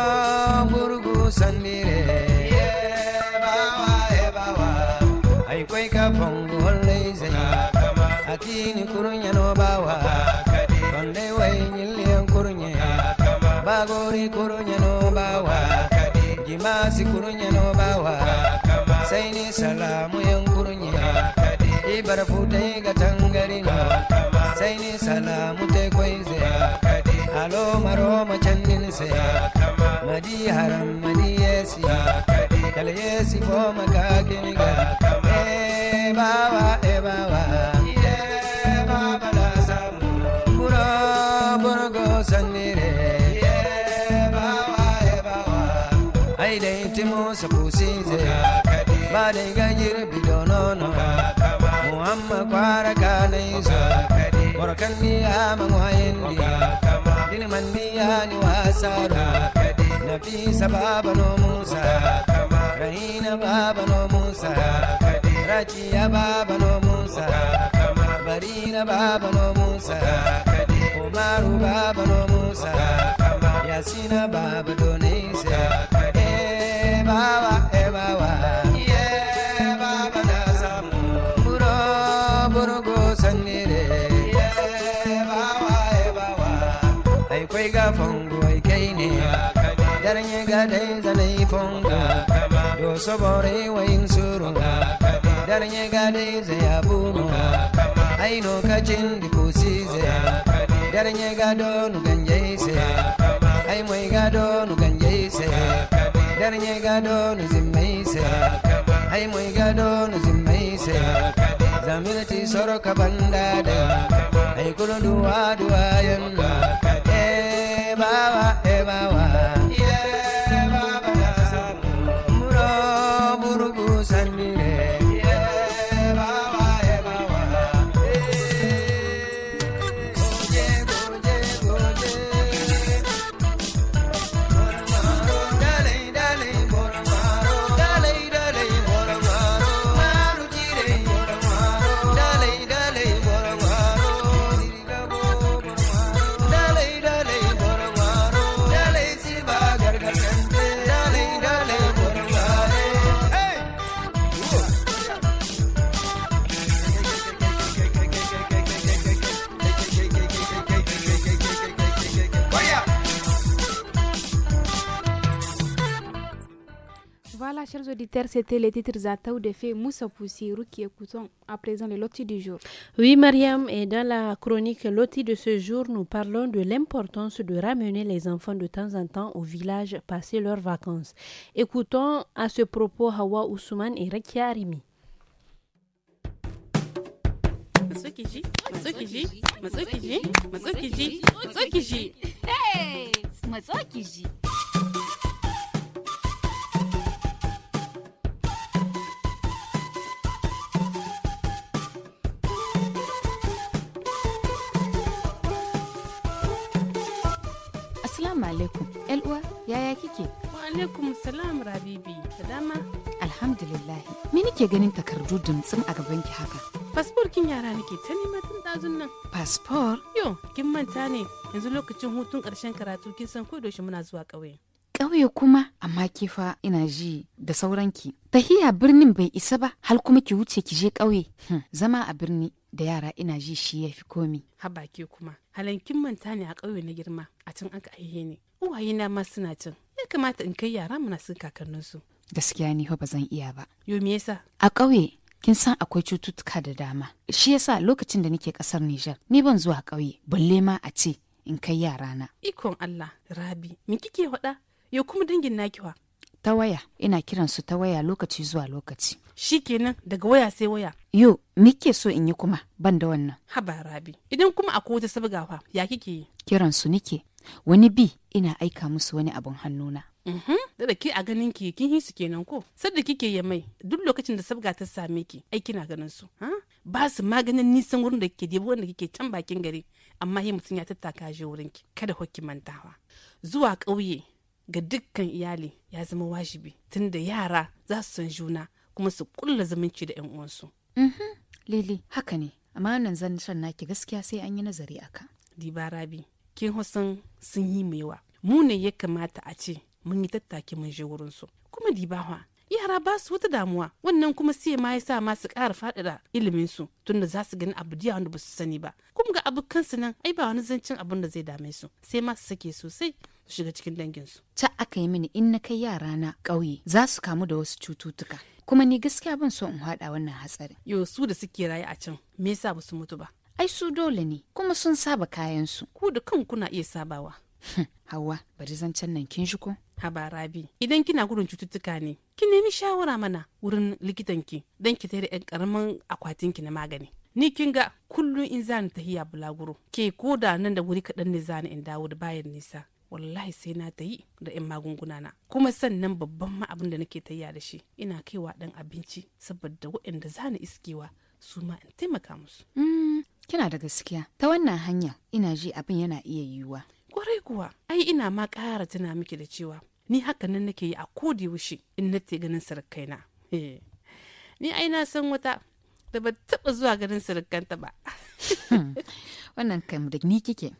gurgu sandire Yebawa ebawa Aikweka pongo holei zai Akini kurunya no bawa magori kurunya no bawa jimasi kurunya no bawa sai salamu yan kurunya ibar futa ga tangari no salamu te kweze. alo maro machan din se madi haram madi yesi dal yesi fo magagini ga e bawa e bawa bade gajir bidonono muhamma kwara kanaiso borokan miya mangwayendi dini man miya ni wasaro nafisa baba no musa rahina baba no musa rajiya baba no musa barina baba no musa umaru baba no musa yasina baba donisa e baba e baba sobore wayin surun gade zaya bunu aino kacin dikosi zaya gado nu ai moy gado nu ganje gado nu ai moy gado nu zamilati soro kabanda da ai kulun duwa duwa yanda e bawa e bawa c'était les titres ou de fées Moussa Poussirou qui écoutons à présent le loti du jour. Oui, Mariam, et dans la chronique loti de ce jour, nous parlons de l'importance de ramener les enfants de temps en temps au village passer leurs vacances. Écoutons à ce propos Hawa Ousmane et Rekia Arimi. Assalamu alaikum. uwa, yaya kike? Wa alaikum salam Rabibi, da dama. Alhamdulillah. Me nike ganin takardu dumtsin a gaban ki haka? Fasfor kin yara nake ta nema tun dazun nan. Fasfor? Yo, kin manta ne. Yanzu lokacin hutun ƙarshen karatu kin san ko muna zuwa ƙauye. ƙauye kuma amma kifa ina ji da sauranki tahiya birnin bai isa ba hal kuma ki wuce ki je ƙauye hm, zama a birni da yara ina ji shi ya fi komi. Habaki kuma, halankin manta ne a ƙauye na girma, a can aka aihe ne. Uwaye na ma suna cin, ya kamata in kai yara muna sun kakanninsu. Gaskiya ni ba zan iya ba. Yo me yasa? A ƙauye kin san akwai cututtuka da dama. Shi yasa lokacin da nake ƙasar Nijar, ni ban zuwa ƙauye, balle ma a ce in kai yara na Ikon Allah, Rabi, min kike faɗa? Yau kuma dangin nakiwa? ta waya ina kiran su ta waya lokaci zuwa lokaci shikenan daga waya sai waya yo ke so in yi kuma ban da wannan haba rabi idan kuma akwai wata sabgawa ya kike yi kiran su nike wani bi ina aika musu wani abun hannuna mhm. da da ke a ganin ki kin hisu kenan ko sadda kike ya mai duk lokacin da sabga ta same ki ai kina ganin su ba su maganin nisan wurin da kike debo wanda kike can bakin gari amma hi mutum ya tattaka je wurin ki kada hokki mantawa zuwa ƙauye ga dukkan iyali ya zama wajibi tunda yara za su san juna kuma su kulla zumunci da 'yan uwansu. Mhm. Lili, haka ne, amma wannan san naki gaskiya sai an yi nazari aka. dibara Rabi, kin hosan sun yi mai yawa. Mu ne ya kamata a ce mun yi tattaki mun je wurin su. Kuma Dibawa, yara ba su wata damuwa, wannan kuma sai ma ya sa ma su ƙara faɗaɗa ilimin su tunda za su gani abu diya wanda ba su sani ba. Kuma ga abokansu nan ai ba wani zancen abun da zai dame su, sai ma su sake sosai shiga cikin danginsu. Ta aka yi mini in na kai yara na ƙauye za su kamu da wasu cututtuka. Kuma ni gaskiya ban so in haɗa wannan hatsarin. Yo su da suke raye a can me yasa ba su mutu ba? Ai su dole ne kuma sun saba kayansu. Ku da kan kuna iya sabawa. Hawa bari zan can nan kin shi ko? Haba Rabi idan kina gudun cututtuka ne ki nemi shawara mana wurin likitanki don ki tare 'yan karamin ki na magani. ni kin ga kullum in zani tahiya bulaguro ke ko da nan da wuri kaɗan ne zani in dawo da bayan nisa wallahi sai na ta yi da 'yan magunguna na kuma sannan babban ma abin da nake tayya da shi ina kaiwa dan abinci saboda waɗanda zani iskewa su ma in taimaka musu mm, kina da gaskiya ta wannan hanya ina ji abin yana iya yiwuwa kwarai kuwa ai ina ma kara tana miki da cewa ni haka nan nake yi a kodi yaushe in na te ganin na eh, ni ai na san wata da ba taɓa zuwa ganin sarakanta ba hmm, wannan kam da ni kike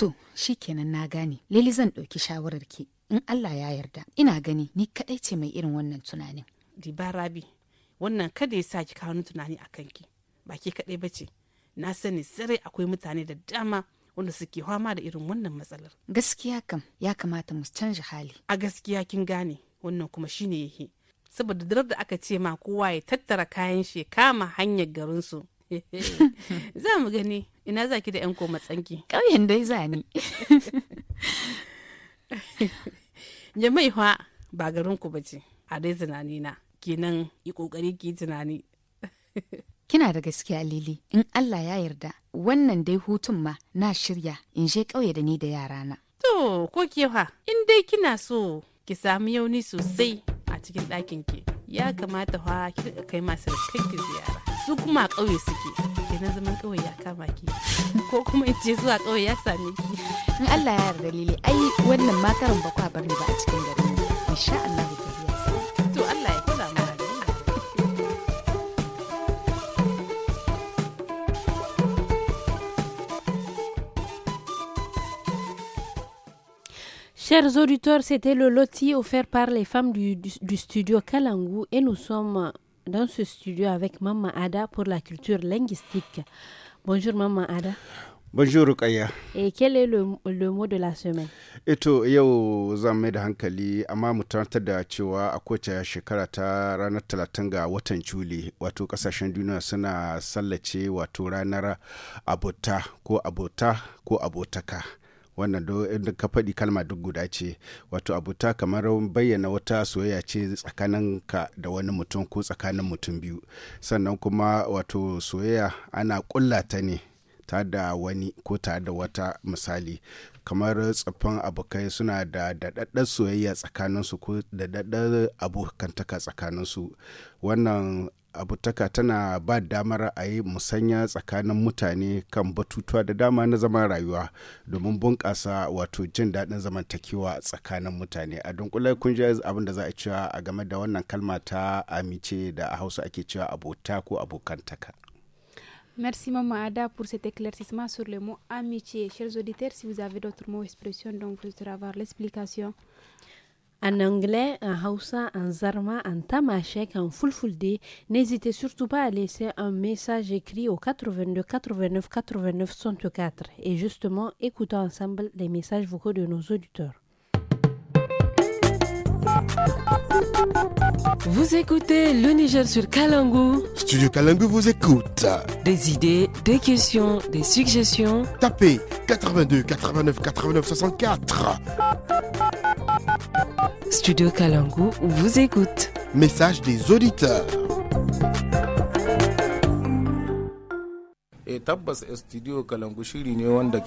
To, shi kenan na gane. Lili zan ɗauki shawararki in Allah ya yarda. Ina gani ni kaɗai ce mai irin wannan tunanin. Riba Rabi, wannan kada ya sa ki kawo tunani a kanki. Ba ki kaɗai ba ce. Na sani sarai akwai mutane da dama wanda suke fama da irin wannan matsalar. Gaskiya kam ya kamata mu canja hali. A gaskiya kin gane wannan kuma shine yake. Saboda darar da aka ce ma kowa ya tattara kayan shi kama hanyar garinsu za mu gani ina zaki da yan koma tsanki ƙauyen dai zani jama'i fa ba garin ku bace a dai tunani na kenan yi kokari ki tunani kina da gaskiya lili in Allah ya yarda wannan dai hutun ma na shirya in je ƙauye da ni da yarana to ko ke fa in dai kina so ki samu yauni sosai a cikin ɗakin ki ya kamata fa ki kai masu kai ziyara su kuma a ƙauye suke kenan zaman ƙauye ya kama ki ko kuma in ce zuwa ƙauye ya same ki in Allah ya yarda lele ai wannan ma karin ba kwa bar ni ba a cikin garin insha Allah to Allah ya kula mu Chers auditeurs, c'était le loti offert par les femmes du, du, du studio Kalangu et nous sommes dans ce studio avec Maman Ada pour la culture linguistique. Bonjour Maman Ada. Bonjour Rukaya. Et quel est le, le mot de la semaine? Eto yau zan mai da hankali amma mu tantar da cewa a kowace shekara ta ranar talatin ga watan Juli wato kasashen duniya suna sallace wato ranar abota ko abota ko abotaka. wannan da eh, ka faɗi kalma duk guda ce wato abuta kamar bayyana wata soyayya ce tsakanin ka da wani mutum ko tsakanin mutum biyu sannan kuma wato soyayya ana ƙulla ta ne ta da wani ko ta da wata misali kamar tsaffan abokai suna da daɗaɗɗar soyayya tsakaninsu ko daɗaɗɗar abokantaka tsakaninsu wannan abutaka tana ba damar a yi musanya tsakanin mutane kan batutuwa da dama na zaman rayuwa domin bunƙasa wato jin daɗin zamantakewa tsakanin mutane a dunkulai kun ji abin da za a cewa a game da wannan kalma ta amince da a hausa ake cewa abota ko abokantaka Merci Maman Ada pour cet éclaircissement sur le mot amitié. Chers auditeurs, si vous avez d'autres mots expressions dont vous voudrez avoir l'explication, en anglais, en hausa, en zarma, en tamashek, en fulfulde. N'hésitez surtout pas à laisser un message écrit au 82 89 89 64. Et justement, écoutons ensemble les messages vocaux de nos auditeurs. Vous écoutez le Niger sur Kalangou. Studio Kalangou vous écoute. Des idées, des questions, des suggestions. Tapez 82 89 89 64. Studio Kalangou vous écoute. Message des auditeurs. Et eh, tabbas eh, studio Kalangu wanda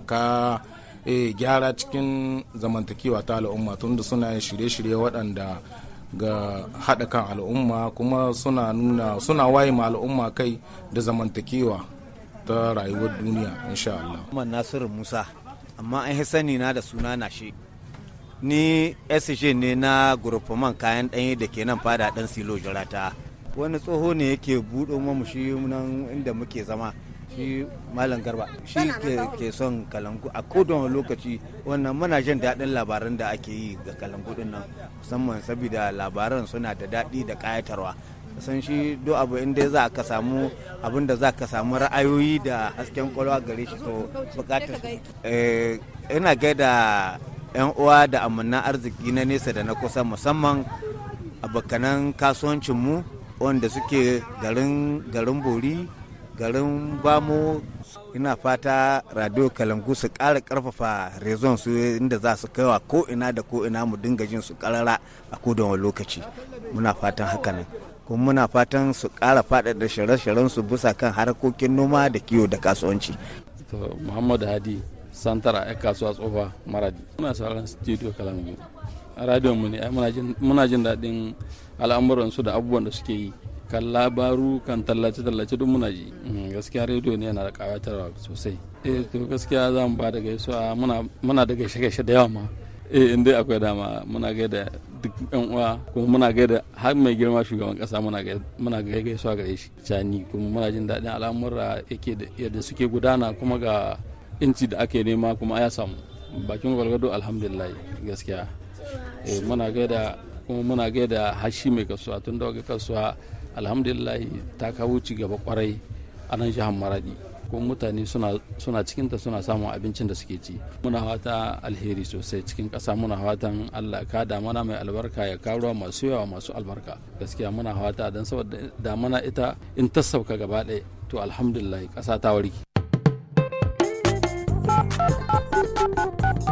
ka e gyara cikin zamantakewa ta al'umma tunda suna shirye-shirye waɗanda ga haɗa kan al'umma kuma suna nuna suna waye ma al'umma kai da zamantakewa ta rayuwar duniya insha Allah. Muhammad Nasiru Musa amma an sani na da suna na shi. Ni SJ ne na gurufaman kayan ɗanye da ke nan fada ɗan silo jirata. Wani tsoho ne yake buɗo mamushi nan inda muke zama. shi malam garba shi ke son kalangu a kodon lokaci wannan muna jin daɗin labaran da ake yi ga kalangu din nan musamman saboda labaran suna da daɗi da ƙayatarwa san shi do abu inda za ka samu abin da za ka samu ra'ayoyi da hasken kwalwa gare shi to bukatar eh, ina gaida yan uwa da amanna arziki na nesa da na kusa musamman abokanan kasuwancinmu wanda suke garin bori garin bamo ina fata radio kalangu su ƙara ƙarfafa rezon su inda za su kaiwa ko ina da ko ina mu dinga jin su ƙarara a kodon lokaci muna fatan hakanan kuma muna fatan su ƙara faɗaɗa shirye-shiryen su bisa kan harkokin noma da kiwo da kasuwanci. Muhammadu Hadi Santara ya kasuwa tsofa Maradi. Muna sauran studio Kalangu. Radio mu ne muna jin daɗin al'amuran su da abubuwan da suke yi. kan labaru kan tallace-tallace duk muna ji mm, gaskiya rediyo ne yana da kawatarwa sosai eh to gaskiya za mu ba da gaisuwa muna da gaishe-gaishe da yawa ma eh inda akwai dama muna da duk yan uwa kuma muna da har mai girma shugaban kasa muna muna gaisuwa ga shi cani kuma muna jin daɗin al'amura yake da yadda suke gudana kuma ga inci da ake nema kuma ya samu bakin gwalgwado alhamdulillah gaskiya eh, muna muna da kuma muna da hashi mai kasuwa tun da kasuwa alhamdulillah ta kawo ci gaba kwarai a nan jihar maradi Ko mutane suna cikinta suna samun abincin da suke ci muna fata alheri sosai cikin ƙasa muna fatan allah ka damana mai albarka ya karuwa masu yawa masu albarka gaskiya muna fata don saboda damana ita in ta sauka gaba ɗaya to alhamdulillah ƙasa ta warke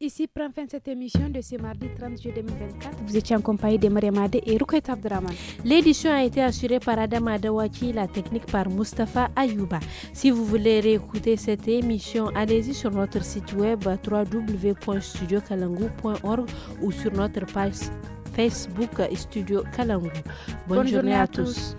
Ici prend fin cette émission de ce mardi 30 juillet 2024. Vous étiez en compagnie de Mariamade et Rukait Abdraman. L'édition a été assurée par Adam Adawaki, la technique par Mustafa Ayuba. Si vous voulez réécouter cette émission, allez-y sur notre site web www.studiokalangu.org ou sur notre page Facebook Studio Kalangu. Bonne, journée, À tous.